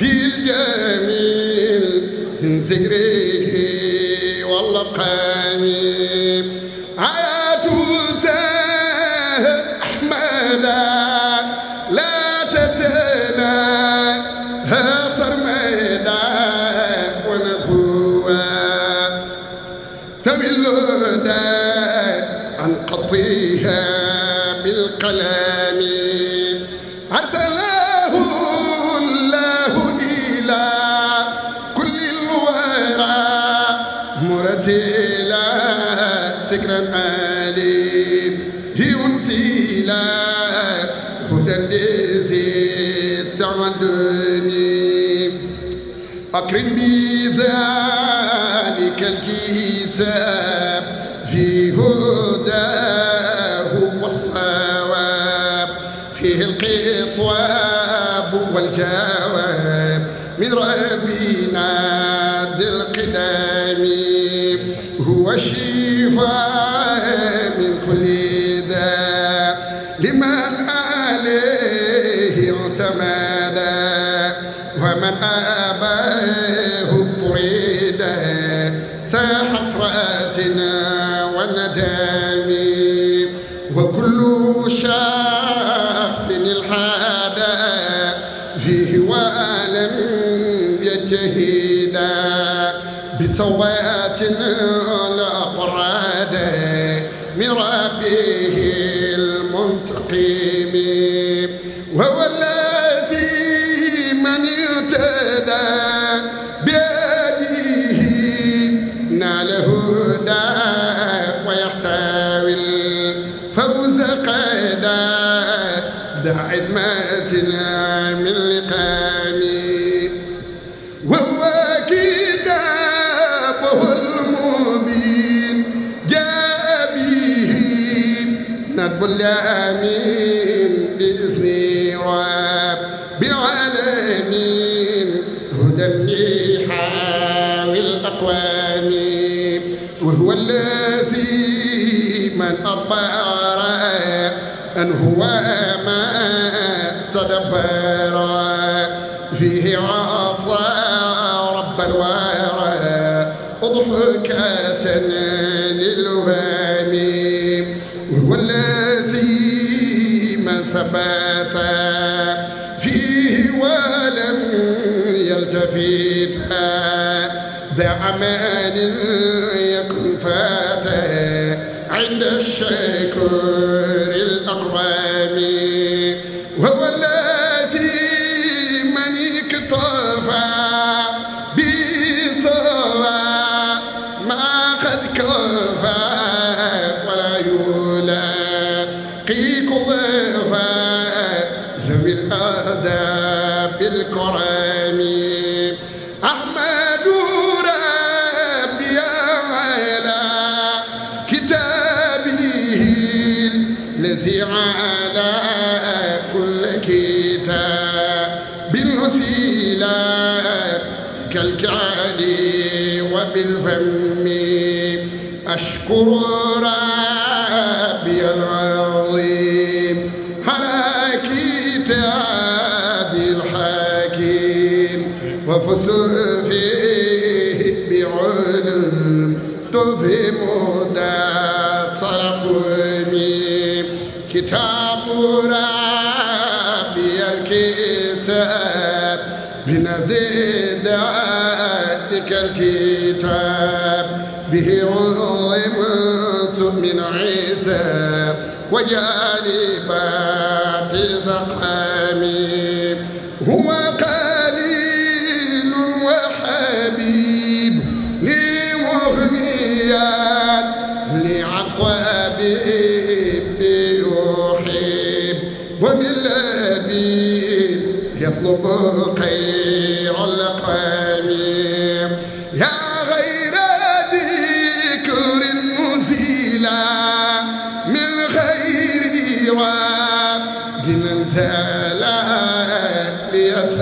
بالجميل من ذكره واللقام حياة أحمد لا تتنا سرمدا ونبوة سوي الهدى عن قطيها بالقلم العليم ينزيلا هدى لزيد تعلمي أكرم بذلك الكتاب في هداه والصواب فيه القطواب والجواب من ربنا ذي القدام هو الشفاء من كل داء لمن عليه اعتمد ومن أباه طريد سحسرتنا والندم وكل شر سوات الأقراد من ربه المنتقم وهو الذي من اهتدى بهديه نال هدى ويحتوي الفوز قيدا ذا عدمة من لقامه كل امين باذني وبعالمين هدى حاوي الاقوام وهو الذي من اطار ان هو ما تدبر فيه عصى رب الورى اضحكتنا أمان يكفات عند الشكر الأقوام وهو الذي من اكتفى بثوى ما قد كفى ولا يلاقي كفى ذوي الآداب الكرام الإله كالكعاد وبالفم أشكر ربي العظيم على كتابي الحكيم وفث فيه بعلم تفهم ذات صرفني كتاب ربي ذلك الكتاب به عظمت من عتاب وجعلي باقي زقامي هو قليل وحبيب لي مغنيان لعطابيب يحب ومن لبيب يطلب خير القلب ñun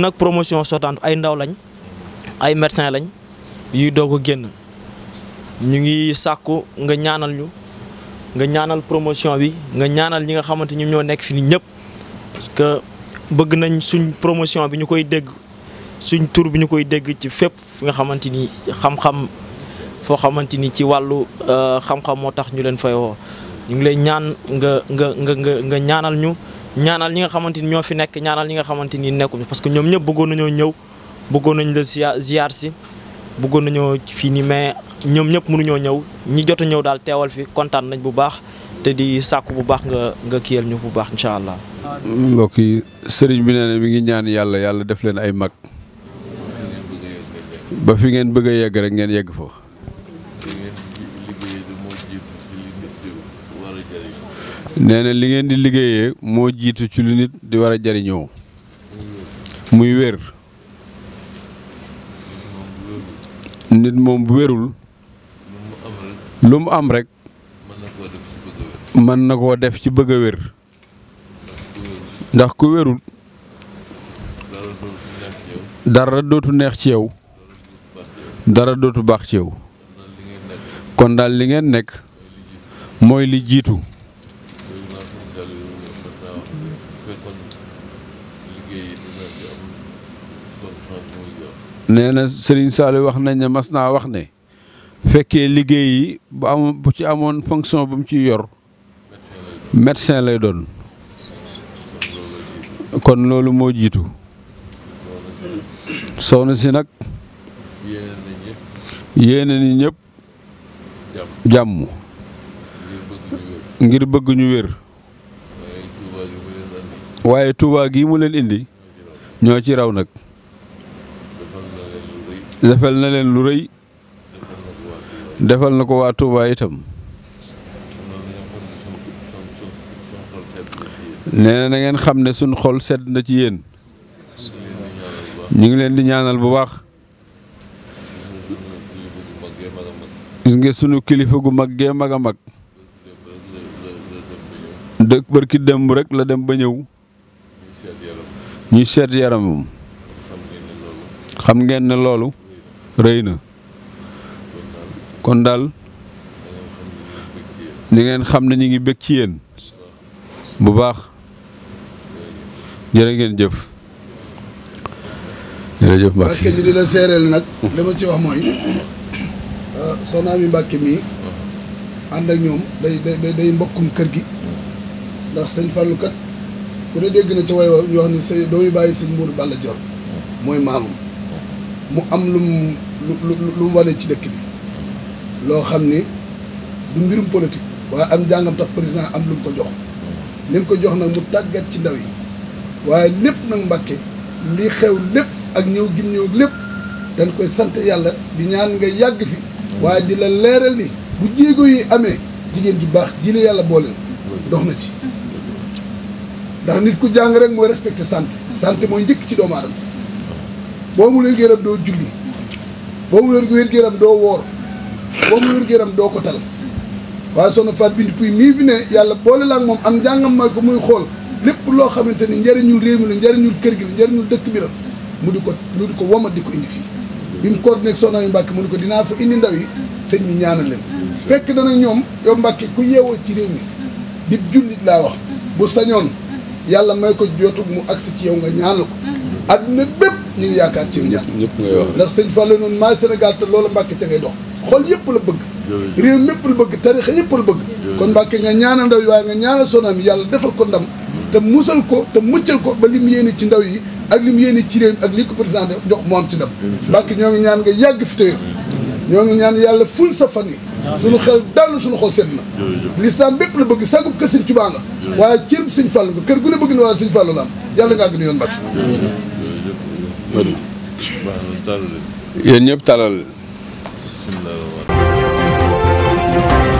nag promotion sortante ay ndaw lañ ay médecin lañ yuy doo a génn ñu ngi sàkku nga ñaanal ñu nga ñaanal promotion bi nga ñaanal ñi nga xamante ñoom ñoo nekk fi ni ñëpp parce que bëgg nañ suñ promotion bi ñu koy dégg suñ tur bi ñu koy dégg ci fépp fi nga xamante ni xam foo xamante ni ci wàllu euh, xam-xam moo tax ñu leen fay woo ñu ngi lay ñaan nga nga nga nga nga ñaanal ñu ñaanal ñi nga xamante ni ñoo fi nekk ñaanal ñi nga xamante ni nekkuñu parce que ñoom ñëpp bëggoon nañoo ñëw bëggoon nañ la ziar si bëggoon nañoo fii nii mais ñoom ñëpp mënuñoo ñëw ñi jot a ñëw daal teewal fi kontaan nañ bu baax te di sàkku bu baax nga nga kiyal ñu bu baax incha allah. mbokk yi sëriñ bi nee na mi ngi ñaan yàlla yàlla def leen ay mag ba fi ngeen bëgg a yegg rek ngeen yegg fa. nee na li ngeen di liggéeyee moo jiitu ci lu nit di war a jariñoo muy wér nit moom bu wérul lu mu am rek mën na koo def ci bëgg wér ndax ku wérul dara dootu neex ci yow dara dootu baax ci yow kon daal li ngeen nekk mooy li jiitu nee na Serigne Saliou wax nañ ne mas naa wax ne fekkee liggéey yi bu am bu ci amoon fonction bu mu ciy yor médecin lay doon kon loolu moo jiitu soxna si nag yéene ni ñëpp jàmm ngir bëgguñu wér waaye Tuubaa gi mu leen indi ñoo ci raw nag defal na leen lu rëy defal na ko waa Touba itam nee na ngeen xam ne suñ xol sedd na ci yéen ñu ngi leen di ñaanal bu baax gis nga sunu kilifa gu mag gee mag a mag dëkk barki démb rek la dem ba ñëw ñu sedd yaramam xam ngeen ne loolu rëy na kon daal di ngeen xam na ñu ngi bég ci yéen bu baax jërë ngeen jëf jërëjëf Mbacke Mbacke ñu di la seereel nag li ma ci wax mooy euh, soxnaa mi Mbacke mii ànd ak ñoom day day day mbokkum kër gi ndax sëñ Fallou kat ku ne dégg na ci way ñu wax ni sa doomu bàyyi si Mourou Balla Dior mooy maamam mu am lu mu lu lu mu wane ci dëkk bi loo xam ni du mbirum politique waaye am jàngam tax président am lu mu ko jox li ko jox nag mu tàggat ci ndaw yi waaye lépp nag mbàkke li xew lépp ak ñëw gim ñëw lépp dañ koy sant yàlla di ñaan nga yàgg fi waaye di la leeral ni bu jéego yi amee jigéen ju baax ji la yàlla boole dox na ci ndax nit ku jàng rek mooy respecté sant sant mooy njëkk ci doomu aadama boo mu leen gërëm doo julli boo mu leen wér gërëm doo woor boobu wér yaram doo ko tal waaye soxna Faat Bintu Puy mii fi ne yàlla boole la ak moom am njàngam ma ko muy xool lépp loo xamante ni njëriñul réew mi la njëriñul kër gi la njëriñul dëkk bi la mu di ko mu di ko womat di ko indi fii bi mu coordonné ak soxna yu Mbàkke mu ne ko dinaa fa indi ndaw yi sëñ bi ñaanal leen fekk na ñoom yow Mbàkke ku yeewoo ci réew mi di jullit laa wax bu sañoon yàlla may ko jotug mu agsi ci yow nga ñaanal ko adduna bépp ñu ngi yaakaar ci yow ñaan ndax sëñ Fallou noonu Sénégal te loolu Mbàkke ca dox xol yëpp la bëgg réew mépp la bëgg tarixa yëpp la bëgg kon Mbàkke nga ñaanal ndaw yi waaye nga ñaanal sonam yàlla defal ko ndam te musal ko te muccal ko ba lim yéene ci ndaw yi ak lim yéene ci réew mi ak lii ko président jox mu am ci ndam Mbàkke ñoo ngi ñaan nga yàgg fi téye ñoo ngi ñaan yàlla ful sa fan yi suñu xel dal suñu xol sedd na lislaam bépp la bëgg sagub kër Sëñ Tuubaa la waaye cërub Sëñ Fallu nga kër gu ne bëgg na waaye Sëñ Fallu la am yàlla nga àgg na yoon Mbàkke yéen ñëpp similar one.